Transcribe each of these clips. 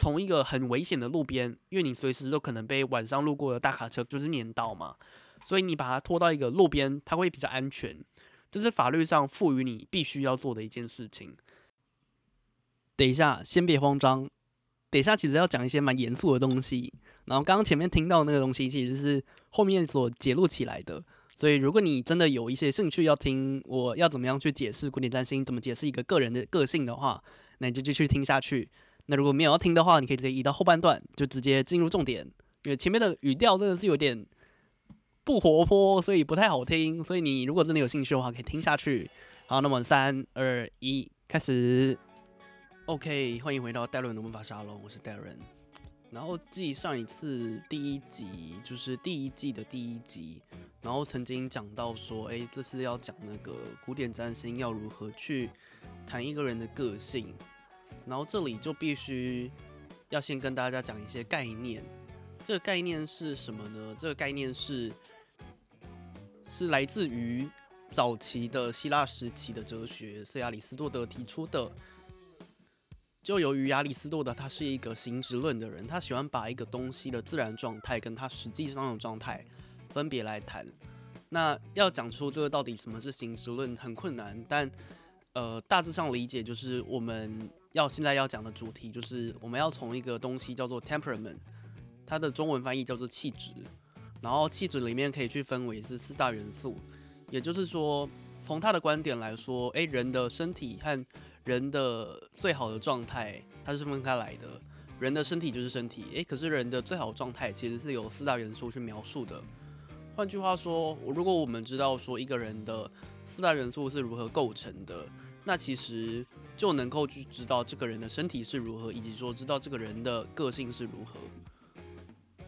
從一個很危險的路邊，因為你隨時都可能被晚上路過的大卡車就是碾到嘛，所以你把它拖到一個路邊，它會比較安全。這、就是法律上賦予你必須要做的一件事情。等一下，先別慌張，等一下，其實要講一些蠻嚴肅的東西。然後剛剛前面聽到那個東西，其實是後面所節錄起來的。所以如果你真的有一些興趣要聽我要怎麼樣去解釋古典占星，怎麼解釋一個個人的個性的話，那你就繼續聽下去。那如果沒有要聽的話，你可以直接移到後半段，就直接進入重點，因為前面的語調真的是有點不活潑，所以不太好聽。所以你如果真的有興趣的話，可以聽下去。好，那麼三二一，開始。OK，歡迎回到戴 n 的魔法沙龍，我是戴倫。然後記上一次第一集，就是第一季的第一集，然後曾經講到說，哎、欸，這次要講那個古典戰星要如何去談一個人的個性。然後這裡就必須要先跟大家講一些概念。這個概念是什麼呢？這個概念是，是來自於早期的希臘時期的哲學，是亞里斯多德提出的。就由於亞里斯多德他是一個形質論的人，他喜歡把一個東西的自然狀態跟它實際上的狀態分別來談。那要講出這個到底什麼是形質論很困難，但呃大致上理解就是我們。要現在要講的主題就是，我們要從一個東西叫做 temperament，它的中文翻譯叫做氣質，然後氣質裡面可以去分為是四大元素，也就是說，從他的觀點來說，誒、欸，人的身體和人的最好的狀態，它是分開來的，人的身體就是身體，誒、欸，可是人的最好狀態其實是由四大元素去描述的，換句話說，如果我們知道說一個人的四大元素是如何構成的，那其實。就能夠去知道這個人的身體是如何，以及說知道這個人的個性是如何。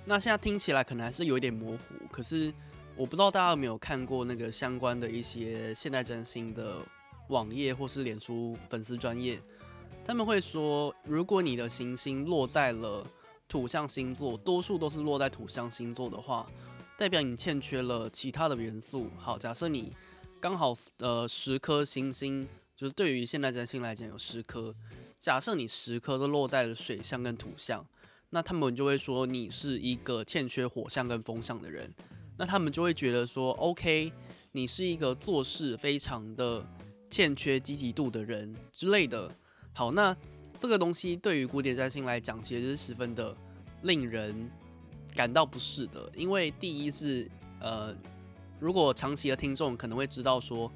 那現在聽起來可能還是有一點模糊，可是我不知道大家有沒有看過那個相關的一些現代占星的網頁或是臉書粉絲專頁，他們會說，如果你的行星落在了土象星座，多數都是落在土象星座的話，代表你欠缺了其他的元素。好，假設你剛好呃十顆行星。就是對於現代占星來講，有十顆。假設你十顆都落在了水象跟土象，那他們就會說你是一個欠缺火象跟風象的人。那他們就會覺得說，OK，你是一個做事非常的欠缺積極度的人之類的。好，那這個東西對於古典占星來講，其實是十分的令人感到不適的。因為第一是，呃，如果長期的聽眾可能會知道說。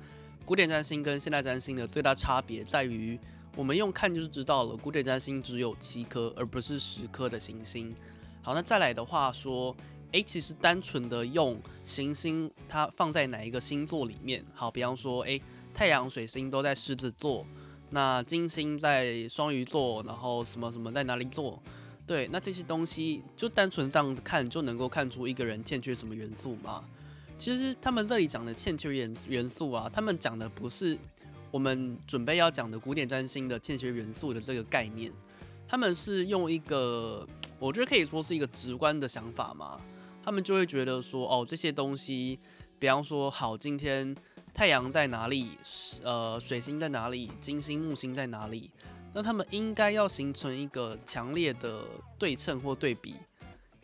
古典占星跟現代占星的最大差別在於，我們用看就是知道了，古典占星只有七顆而不是十顆的行星。好，那再來的話說，誒、欸，其實單純的用行星它放在哪一個星座裡面，好，比方說，誒、欸，太陽、水星都在獅子座，那金星在雙魚座，然後什麼什麼在哪裡座，對，那這些東西就單純這樣子看就能夠看出一個人欠缺什麼元素嘛。其實他們這裡講的欠缺元元素啊，他們講的不是我們準備要講的古典占星的欠缺元素的這個概念，他們是用一個，我覺得可以說是一個直觀的想法嘛，他們就會覺得說，哦，這些東西，比方說，好，今天太陽在哪裡，呃，水星在哪裡，金星、木星在哪裡，那他們應該要形成一個強烈的對稱或對比。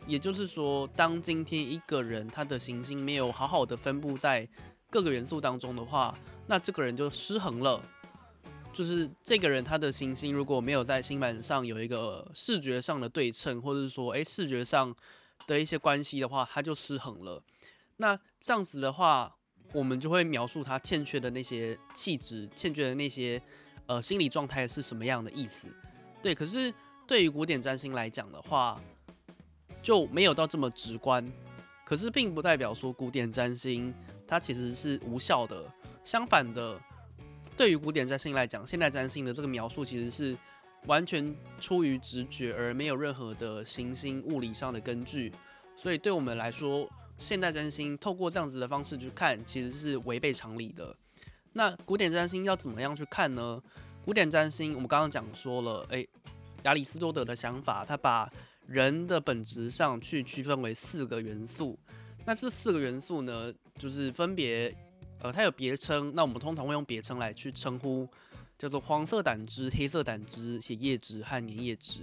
也就是說，當今天一個人他的行星沒有好好的分布在各個元素當中的話，那這個人就失衡了。就是這個人他的行星如果沒有在星盤上有一個、呃、視覺上的對稱，或者說誒、欸、視覺上的一些關係的話，他就失衡了。那這樣子的話，我們就會描述他欠缺的那些氣質，欠缺的那些呃心理狀態是什麼樣的意思。對，可是對於古典占星來講的話，就沒有到這麼直觀，可是並不代表說古典占星它其實是無效的。相反的，對於古典占星來講，現代占星的這個描述其實是完全出於直覺而沒有任何的行星物理上的根據。所以對我們來說，現代占星透過這樣子的方式去看，其實是違背常理的。那古典占星要怎麼樣去看呢？古典占星我們剛剛講說了，哎、欸，亞里斯多德的想法，他把人的本質上去區分為四個元素，那這四個元素呢，就是分別，呃，它有別稱，那我們通常會用別稱來去稱呼，叫做黃色膽汁、黑色膽汁、血液質和粘液質。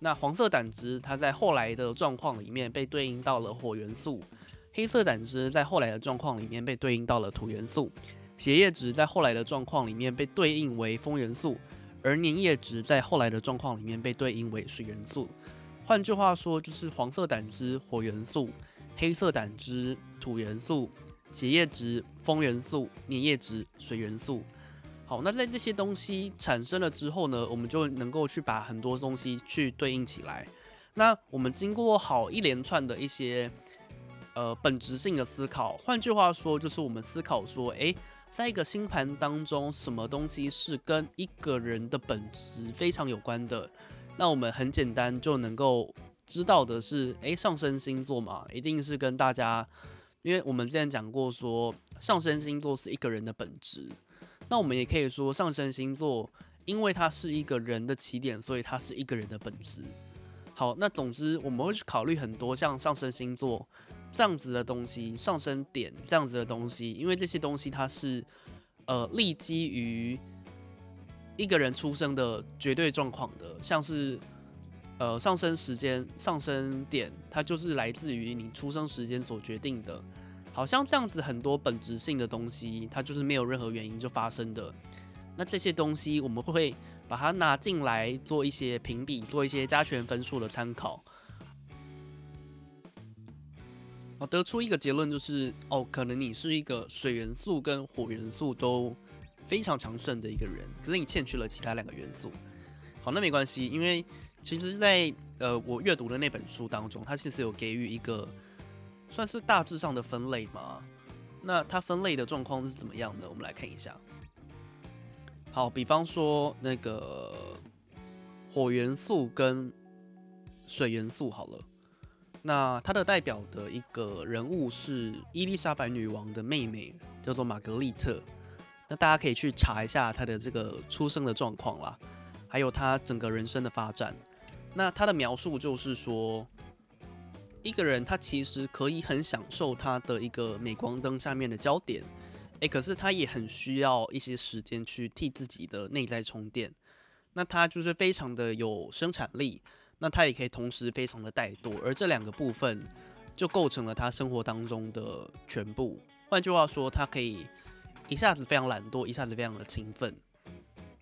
那黃色膽汁它在後來的狀況裡面被對應到了火元素，黑色膽汁在後來的狀況裡面被對應到了土元素，血液質在後來的狀況裡面被對應為風元素。而粘液質在後來的狀況裡面被對應為水元素，換句話說就是黃色膽汁火元素、黑色膽汁土元素、血液質、風元素、粘液質、水元素。好，那在這些東西產生了之後呢，我們就能夠去把很多東西去對應起來。那我們經過好一連串的一些呃本質性的思考，換句話說就是我們思考說，誒、欸……在一個星盤當中，什麼東西是跟一個人的本質非常有關的？那我們很簡單就能夠知道的是，誒，上升星座嘛，一定是跟大家，因為我們之前講過說，上升星座是一個人的本質。那我們也可以說，上升星座因為它是一個人的起點，所以它是一個人的本質。好，那總之我們會去考慮很多像上升星座。這樣子的東西，上升點這樣子的東西，因為這些東西它是呃立基於一個人出生的絕對狀況的，像是呃上升時間、上升點，它就是來自於你出生時間所決定的。好，像這樣子很多本質性的東西，它就是沒有任何原因就發生的。那這些東西我們會把它拿進來做一些評比，做一些加權分數的參考。我得出一個結論就是，哦，可能你是一個水元素跟火元素都非常強盛的一個人，可是你欠缺了其他兩個元素。好，那沒關係，因為其實在，在呃我閱讀的那本書當中，它其實有給予一個算是大致上的分類嘛。那它分類的狀況是怎麼樣的？我們來看一下。好，比方說那個火元素跟水元素，好了。那他的代表的一個人物是伊麗莎白女王的妹妹，叫做瑪格麗特。那大家可以去查一下她的這個出生的狀況啦，還有她整個人生的發展。那她的描述就是說，一個人他其實可以很享受他的一個鎂光燈下面的焦點，誒、欸，可是他也很需要一些時間去替自己的內在充電。那他就是非常的有生產力。那他也可以同時非常的怠惰，而這兩個部分就構成了他生活當中的全部。換句話說，他可以一下子非常懶惰，一下子非常的勤奮。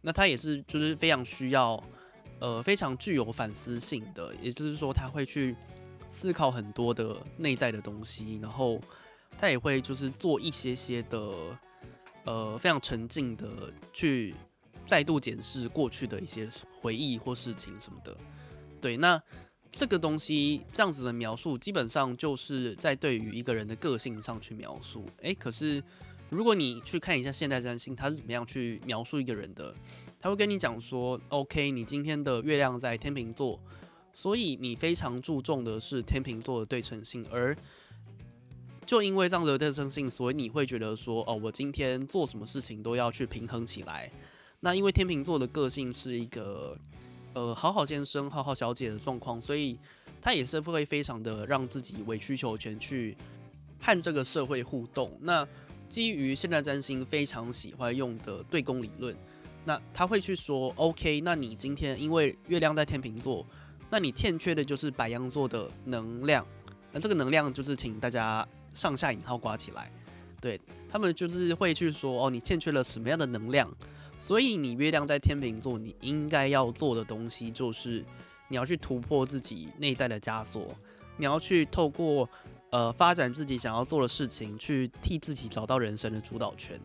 那他也是就是非常需要，呃，非常具有反思性的，也就是說他會去思考很多的內在的東西，然後他也會就是做一些些的，呃，非常沉靜的去再度檢視過去的一些回憶或事情什麼的。對，那這個東西這樣子的描述，基本上就是在對於一個人的個性上去描述。誒，可是如果你去看一下現代占星，它是怎麼樣去描述一個人的？他會跟你講說，OK，你今天的月亮在天秤座，所以你非常注重的是天秤座的對稱性。而就因為這樣的對稱性，所以你會覺得說，哦，我今天做什麼事情都要去平衡起來。那因為天秤座的個性是一個。呃，好好先生、好好小姐的狀況，所以他也是會非常的讓自己委曲求全去和這個社會互動。那基於現在占星非常喜歡用的對宮理論，那他會去說，OK，那你今天因為月亮在天秤座，那你欠缺的就是白羊座的能量，那這個能量就是請大家上下引號括起來。對，他們就是會去說，哦，你欠缺了什麼樣的能量？所以你月亮在天秤座，你應該要做的東西就是你要去突破自己內在的枷鎖，你要去透過呃發展自己想要做的事情，去替自己找到人生的主導權。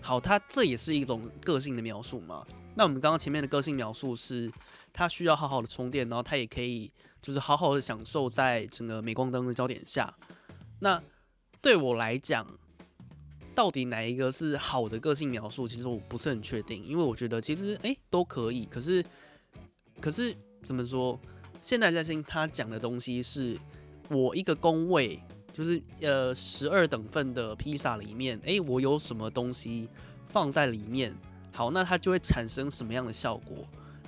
好，它這也是一種個性的描述嘛。那我們剛剛前面的個性描述是，它需要好好的充電，然後它也可以就是好好的享受在整個鎂光燈的焦點下。那對我來講，到底哪一個是好的個性描述？其實我不是很確定，因為我覺得其實誒、欸、都可以。可是，可是怎麼說？現代占星它講的東西是我一個宮位，就是呃十二等份的披薩裡面，誒、欸，我有什麼東西放在裡面，好，那它就會產生什麼樣的效果？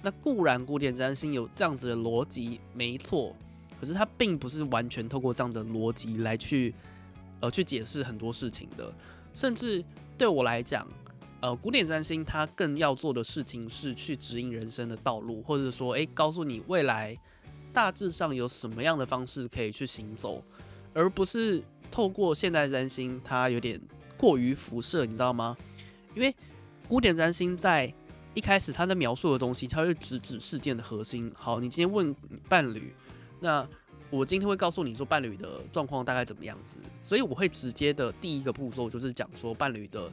那固然古典占星有這樣子的邏輯，沒錯，可是它並不是完全透過這樣的邏輯來去呃去解釋很多事情的。甚至對我來講，呃，古典占星它更要做的事情是去指引人生的道路，或者說，誒，告訴你未來大致上有什麼樣的方式可以去行走，而不是透過現代占星，它有點過於輻射，你知道嗎？因為古典占星在一開始他在描述的東西，他會直指事件的核心。好，你今天問伴侶，那。我今天會告訴你說伴侶的狀況大概怎麼樣子，所以我會直接的第一個步驟就是講說伴侶的，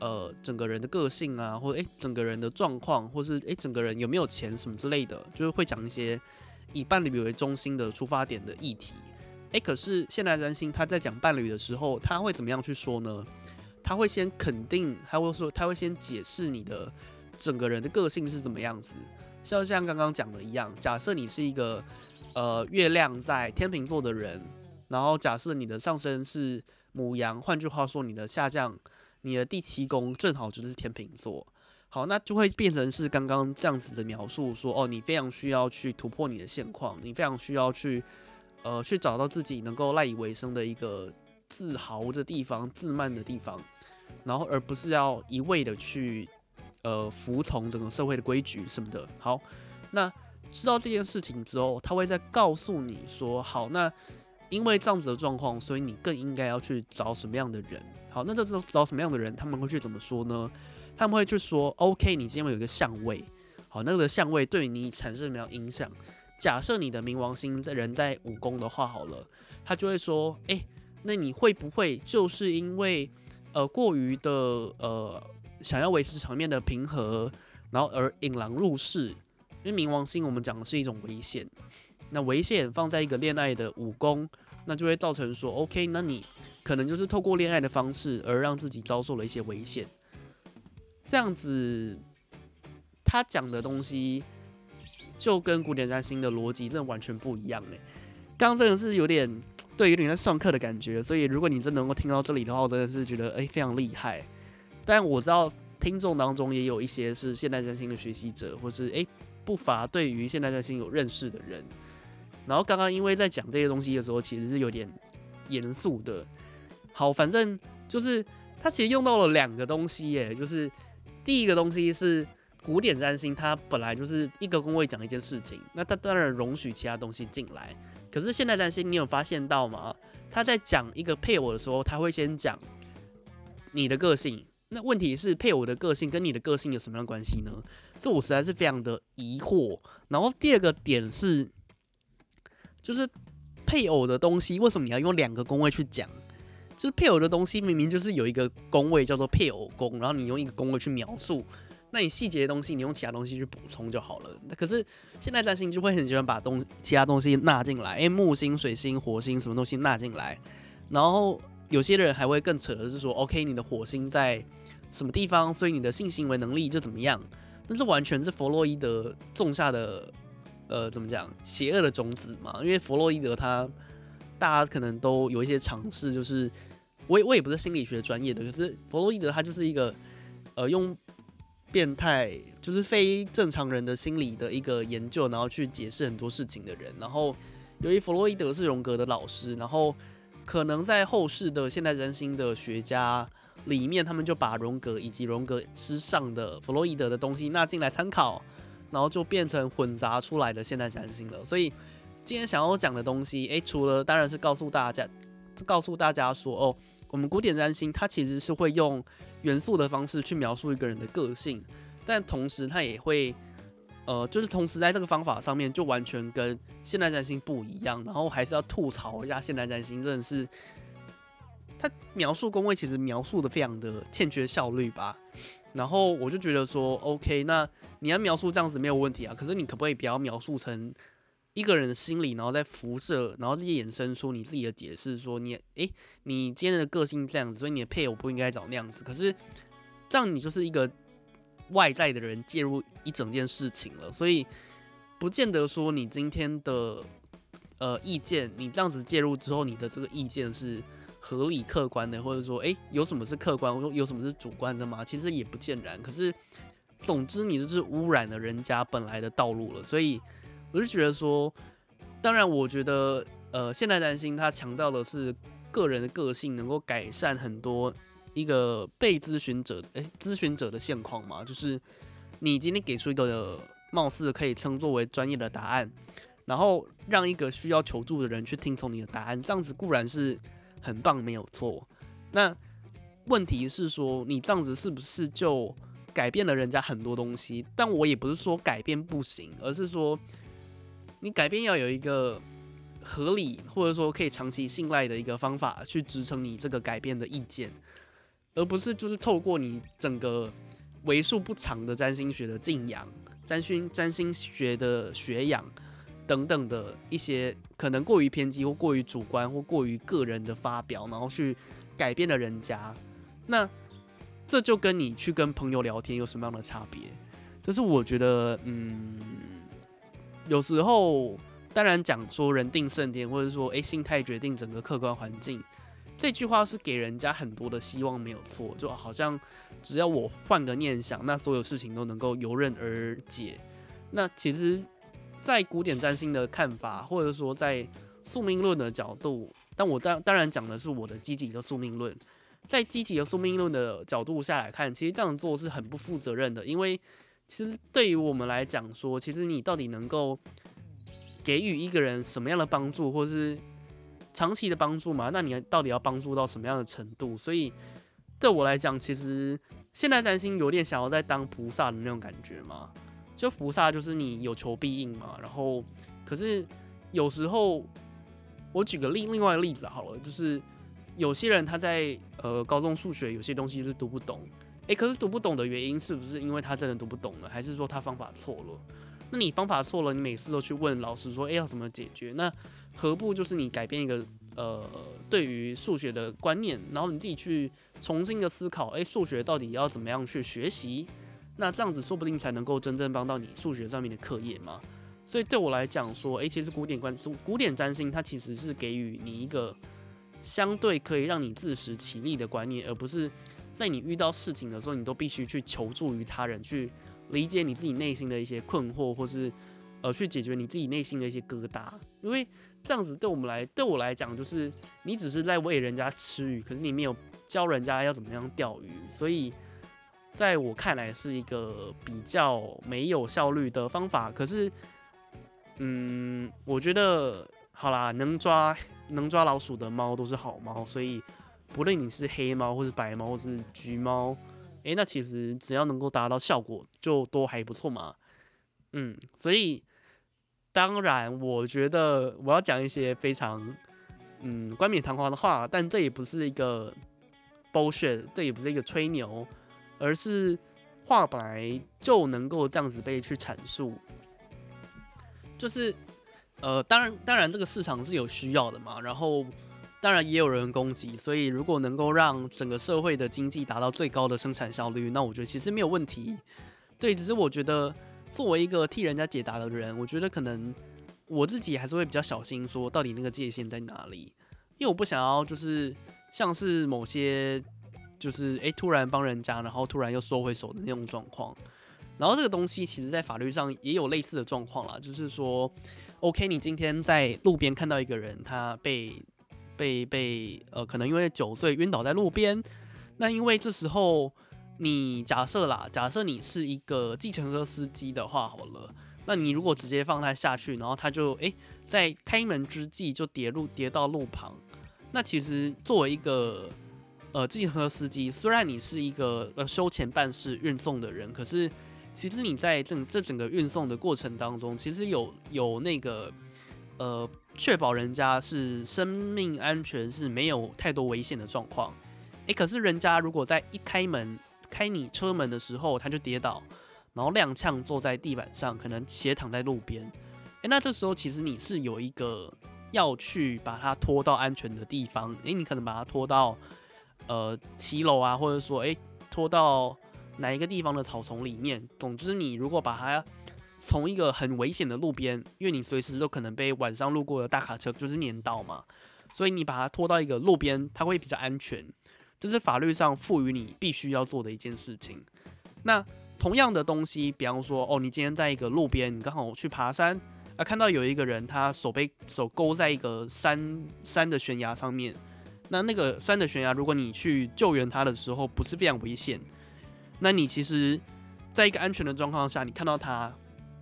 呃，整個人的個性啊，或者、欸、整個人的狀況，或是誒、欸，整個人有沒有錢什麼之類的，就是會講一些以伴侶為中心的出發點的議題。誒、欸，可是現代占星他在講伴侶的時候，他會怎麼樣去說呢？他會先肯定，他會說，他會先解釋你的整個人的個性是怎麼樣子，就像剛剛講的一樣，假設你是一個。呃，月亮在天秤座的人，然後假設你的上升是牡羊，換句話說，你的下降，你的第七宮正好就是天秤座。好，那就會變成是剛剛這樣子的描述說，說哦，你非常需要去突破你的現況，你非常需要去，呃，去找到自己能夠賴以為生的一個自豪的地方、自慢的地方，然後而不是要一味的去，呃，服從整個社會的規矩什麼的。好，那。知道這件事情之後，他會再告訴你說：“好，那因為這樣子的狀況，所以你更應該要去找什麼樣的人？好，那這時候找什麼樣的人？他們會去怎麼說呢？他們會去說：OK，你今天有一個相位，好，那個相位對你產生什麼樣影響？假設你的冥王星在人在五宮的話，好了，他就會說：哎、欸，那你會不會就是因為呃過於的呃想要維持場面的平和，然後而引狼入室？”因為冥王星，我們講的是一種危險。那危險放在一個戀愛的武功，那就會造成說，OK，那你可能就是透過戀愛的方式而讓自己遭受了一些危險。這樣子，他講的東西就跟古典占星的邏輯真的完全不一樣哎。剛剛真的是有點，對，有點在上課的感覺。所以如果你真的能夠聽到這裡的話，我真的是覺得誒、欸，非常厲害。但我知道聽眾當中也有一些是現代占星的學習者，或是誒。欸不乏對於現代占星有認識的人，然後剛剛因為在講這些東西的時候，其實是有點嚴肅的。好，反正就是他其實用到了兩個東西耶，就是第一個東西是古典占星，它本來就是一個宮位講一件事情，那他當然容許其他東西進來。可是現代占星，你有發現到嗎？他在講一個配偶的時候，他會先講你的個性。那問題是配偶的個性跟你的個性有什麼樣的關係呢？這我實在是非常的疑惑。然後第二個點是，就是配偶的東西為什麼你要用兩個宮位去講？就是配偶的東西明明就是有一個宮位叫做配偶宮，然後你用一個宮位去描述，那你細節的東西你用其他東西去補充就好了。可是現在占星就會很喜歡把東其他東西納進來，誒、木星、水星、火星什麼東西納進來，然後。有些人還會更扯的是說，OK，你的火星在什麼地方，所以你的性行為能力就怎麼樣？但是完全是弗洛伊德種下的，呃，怎麼講，邪惡的種子嘛。因為弗洛伊德他，大家可能都有一些嘗試，就是我也我也不是心理學專業的，可是弗洛伊德他就是一個，呃，用變態就是非正常人的心理的一個研究，然後去解釋很多事情的人。然後由於弗洛伊德是榮格的老師，然後。可能在後世的現代占星的學家裡面，他們就把榮格以及榮格之上的弗洛伊德的東西納進來參考，然後就變成混雜出來的現代占星了。所以今天想要講的東西，誒、欸，除了當然是告訴大家，告訴大家說哦，我們古典占星它其實是會用元素的方式去描述一個人的個性，但同時它也會。呃，就是同時在這個方法上面，就完全跟現代占星不一樣。然後還是要吐槽一下現代占星，真的是，他描述宮位其實描述的非常的欠缺效率吧。然後我就覺得說，OK，那你要描述這樣子沒有問題啊。可是你可不可以不要描述成一個人的心理，然後再輻射，然後自己衍生出你自己的解釋，說你誒，你今天的個性這樣子，所以你的配偶不應該找那樣子。可是這樣你就是一個。外在的人介入一整件事情了，所以不見得說你今天的呃意見，你這樣子介入之後，你的這個意見是合理客觀的，或者說誒、欸，有什麼是客觀，或者有什麼是主觀的嗎？其實也不見然。可是總之你就是污染了人家本來的道路了。所以我就覺得說，當然我覺得呃現代占星它強調的是個人的個性能夠改善很多。一個被諮詢者，哎，諮詢者的現況嘛，就是你今天給出一個貌似可以稱作為專業的答案，然後讓一個需要求助的人去聽從你的答案，這樣子固然是很棒，沒有錯。那問題是說，你這樣子是不是就改變了人家很多東西？但我也不是說改變不行，而是說你改變要有一個合理或者說可以長期信賴的一個方法去支撐你這個改變的意見。而不是就是透過你整個為數不長的占星學的敬仰、占星占星學的學養等等的一些可能過於偏激或過於主觀或過於個人的發表，然後去改變了人家，那這就跟你去跟朋友聊天有什麼樣的差別？就是我覺得，嗯，有時候當然講說人定勝天，或者說誒、欸，心態決定整個客觀環境。這句話是給人家很多的希望，沒有錯。就好像只要我換個念想，那所有事情都能夠迎刃而解。那其實，在古典占星的看法，或者說在宿命論的角度，但我當當然講的是我的積極的宿命論。在積極的宿命論的角度下來看，其實這樣做是很不負責任的，因為其實對於我們來講說，其實你到底能夠給予一個人什麼樣的幫助，或是長期的幫助嘛，那你到底要幫助到什麼樣的程度？所以對我來講，其實現在占星有點想要在當菩薩的那種感覺嘛。就菩薩就是你有求必應嘛。然後可是有時候，我舉個例，另外的例子好了，就是有些人他在呃高中數學有些東西是讀不懂。誒、欸。可是讀不懂的原因是不是因為他真的讀不懂了，還是說他方法錯了？那你方法錯了，你每次都去問老師說，誒、欸，要怎麼解決？那。何不就是你改變一個呃對於數學的觀念，然後你自己去重新的思考，誒，數學到底要怎麼樣去學習？那這樣子說不定才能夠真正幫到你數學上面的課業嘛。所以對我來講說，誒，其實古典觀，古典占星它其實是給予你一個相對可以讓你自食其力的觀念，而不是在你遇到事情的時候，你都必須去求助於他人，去理解你自己內心的一些困惑，或是呃去解決你自己內心的一些疙瘩，因為。這樣子對我們來，對我來講，就是你只是在餵人家吃魚，可是你沒有教人家要怎麼樣釣魚，所以，在我看來是一個比較沒有效率的方法。可是，嗯，我覺得好啦，能抓能抓老鼠的貓都是好貓，所以，不論你是黑貓或是白貓或是橘貓，哎、欸，那其實只要能夠達到效果，就都還不錯嘛。嗯，所以。當然，我覺得我要講一些非常嗯冠冕堂皇的話，但這也不是一個 bullshit，這也不是一個吹牛，而是話本來就能夠這樣子被去闡述。就是呃，當然，當然這個市場是有需要的嘛，然後當然也有人攻擊，所以如果能夠讓整個社會的經濟達到最高的生產效率，那我覺得其實沒有問題。對，只是我覺得。作為一個替人家解答的人，我覺得可能我自己還是會比較小心，說到底那個界限在哪裡，因為我不想要就是像是某些就是誒突然幫人家，然後突然又收回手的那種狀況。然後這個東西其實在法律上也有類似的狀況啦，就是說，OK，你今天在路邊看到一個人，他被被被呃可能因為酒醉暈倒在路邊，那因為這時候。你假設啦，假設你是一個計程車司機的話，好了，那你如果直接放他下去，然後他就誒、欸，在開門之際就跌入跌到路旁，那其實作為一個呃計程車司機，雖然你是一個呃收錢辦事運送的人，可是其實你在這這整個運送的過程當中，其實有有那個呃確保人家是生命安全是沒有太多危險的狀況，誒、欸，可是人家如果在一開門。開你車門的時候，他就跌倒，然後踉蹌坐在地板上，可能斜躺在路邊。哎，那這時候其實你是有一個要去把它拖到安全的地方。哎，你可能把它拖到呃騎樓啊，或者說哎拖到哪一個地方的草叢裡面。總之，你如果把它從一個很危險的路邊，因為你隨時都可能被晚上路過的大卡車就是碾到嘛，所以你把它拖到一個路邊，它會比較安全。這是法律上賦予你必須要做的一件事情。那同樣的東西，比方說，哦，你今天在一個路邊，你剛好去爬山啊，看到有一個人，他手被手勾在一個山山的懸崖上面。那那個山的懸崖，如果你去救援他的時候不是非常危險，那你其實在一個安全的狀況下，你看到他，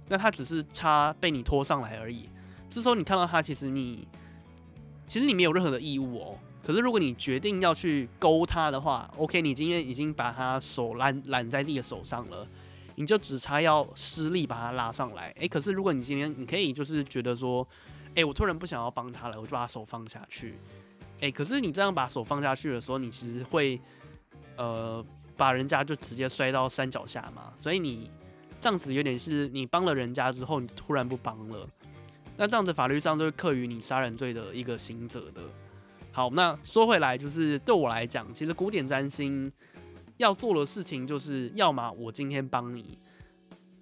那他只是差被你拖上來而已。這時候你看到他，其實你其實你沒有任何的義務哦。可是如果你決定要去勾他的話，OK，你今天已經把他手攬攬在你的手上了，你就只差要施力把他拉上來。哎、欸，可是如果你今天你可以就是覺得說，哎、欸，我突然不想要幫他了，我就把他手放下去。哎、欸，可是你這樣把手放下去的時候，你其實會呃把人家就直接摔到山腳下嘛。所以你這樣子有點是你幫了人家之後，你突然不幫了，那這樣子法律上就是刻於你殺人罪的一個行者的。好，那說回來，就是對我來講，其實古典占星要做的事情，就是要麼我今天幫你，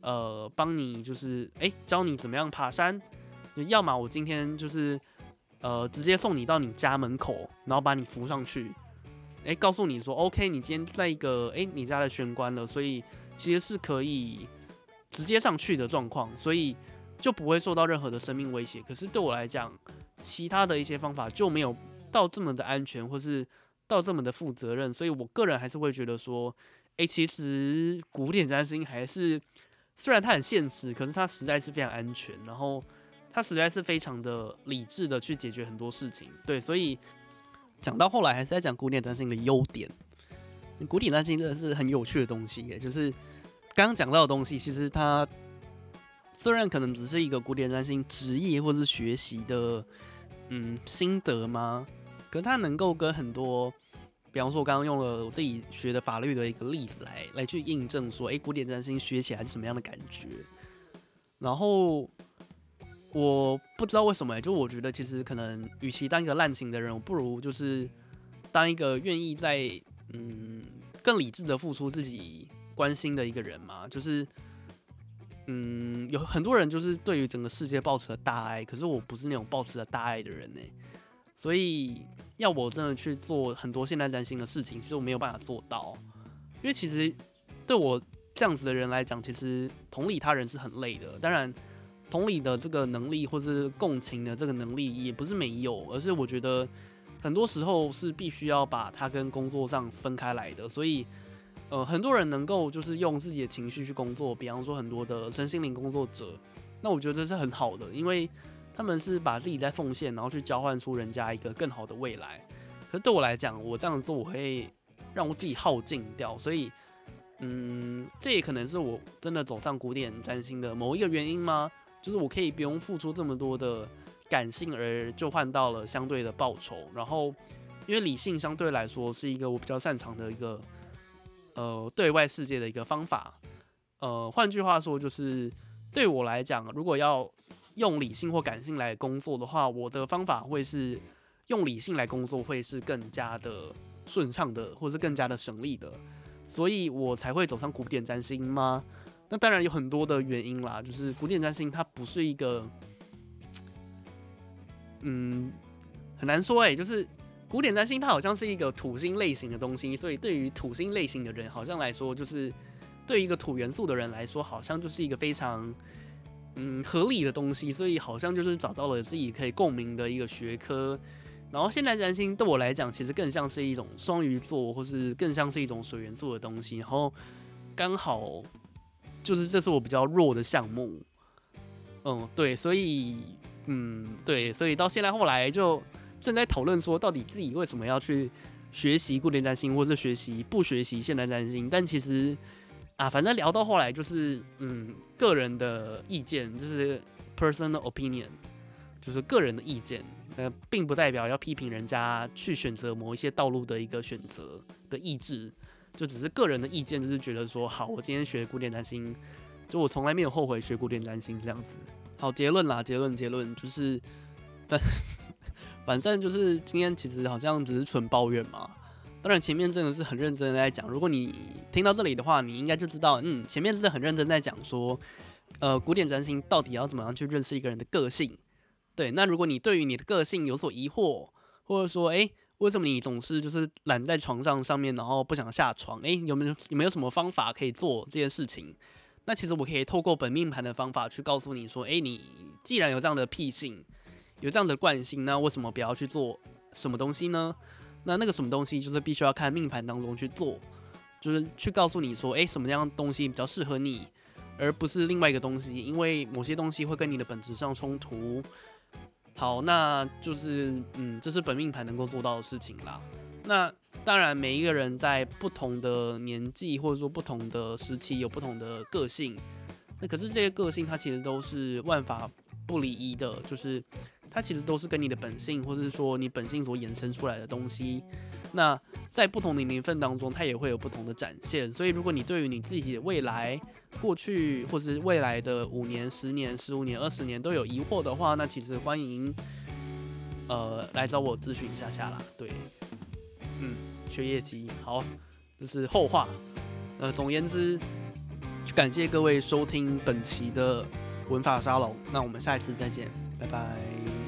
呃，幫你就是哎、欸、教你怎麼樣爬山，就要麼我今天就是呃直接送你到你家門口，然後把你扶上去，哎、欸、告訴你說 OK，你今天在一個哎、欸、你家的玄關了，所以其實是可以直接上去的狀況，所以就不會受到任何的生命威脅。可是對我來講，其他的一些方法就沒有。到這麼的安全，或是到這麼的負責任，所以我個人還是會覺得說，哎、欸，其實古典占星還是，雖然他很現實，可是他實在是非常安全，然後他實在是非常的理智的去解決很多事情。對，所以講到後來還是在講古典占星的優點。古典占星真的是很有趣的東西，也就是剛剛講到的東西，其實他雖然可能只是一個古典占星職業或是學習的嗯心得嗎？可是，他能夠跟很多，比方說，我剛剛用了我自己學的法律的一個例子來來去印證說，哎、欸，古典占星學起來是什麼樣的感覺？然後我不知道為什麼、欸，就我覺得其實可能，與其當一個濫情的人，我不如就是當一個願意在嗯更理智的付出自己關心的一個人嘛。就是嗯，有很多人就是對於整個世界抱持着大愛，可是我不是那種抱持着大愛的人呢、欸，所以。要我真的去做很多現代占星的事情，其實我沒有辦法做到，因為其實對我這樣子的人來講，其實同理他人是很累的。當然，同理的這個能力或是共情的這個能力也不是沒有，而是我覺得很多時候是必須要把他跟工作上分開來的。所以，呃，很多人能夠就是用自己的情緒去工作，比方說很多的身心靈工作者，那我覺得這是很好的，因為。他們是把自己在奉獻，然後去交換出人家一個更好的未來。可是對我來講，我這樣子做我會讓我自己耗盡掉。所以，嗯，這也可能是我真的走上古典占星的某一個原因嗎？就是我可以不用付出這麼多的感性，而就換到了相對的報酬。然後，因為理性相對來說是一個我比較擅長的一個呃對外世界的一個方法。呃，換句話說，就是對我來講，如果要。用理性或感性來工作的話，我的方法會是用理性來工作，會是更加的順暢的，或者是更加的省力的，所以我才會走上古典占星嗎？那當然有很多的原因啦，就是古典占星它不是一個，嗯，很難說欸，就是古典占星它好像是一個土星類型的東西，所以對於土星類型的人，好像來說，就是對於一個土元素的人來說，好像就是一個非常。嗯，合理的東西，所以好像就是找到了自己可以共鳴的一個學科。然後現代占星對我來講，其實更像是一種雙魚座，或是更像是一種水元素的東西。然後剛好就是這是我比較弱的項目。嗯，對，所以嗯，對，所以到現在後來就正在討論說，到底自己為什麼要去學習古典占星，或是學習不學習現代占星？但其實。啊，反正聊到後來就是，嗯，個人的意見就是 personal opinion，就是個人的意見，呃，並不代表要批評人家去選擇某一些道路的一個選擇的意志，就只是個人的意見，就是覺得說，好，我今天學古典占星，就我從來沒有後悔學古典占星這樣子。好，結論啦，結論結論，就是反反正就是今天其實好像只是純抱怨嘛。當然，前面真的是很認真的在講。如果你聽到這裡的話，你應該就知道，嗯，前面是很認真在講說，呃，古典占星到底要怎麼樣去認識一個人的個性。對，那如果你對於你的個性有所疑惑，或者說，誒，為什麼你總是就是懶在床上上面，然後不想下床？誒，有沒有有沒有什麼方法可以做這件事情？那其實我可以透過本命盤的方法去告訴你說，誒，你既然有這樣的癖性，有這樣的慣性，那為什麼不要去做什麼東西呢？那那個什麼東西，就是必須要看命盤當中去做，就是去告訴你說，欸，什麼樣東西比較適合你，而不是另外一個東西，因為某些東西會跟你的本質上衝突。好，那就是，嗯，這是本命盤能夠做到的事情啦。那當然，每一個人在不同的年紀或者說不同的時期有不同的個性，那可是這些個性它其實都是萬法不離一的，就是。它其實都是跟你的本性，或者是說你本性所衍生出來的東西。那在不同的年份當中，它也會有不同的展現。所以，如果你對於你自己的未來、過去，或是未來的五年、十年、十五年、二十年都有疑惑的話，那其實歡迎，呃，來找我諮詢一下下啦。對，嗯，缺業績，好，這是後話。呃，總言之，就感謝各位收聽本期的文法沙龍。那我們下一次再見，拜拜。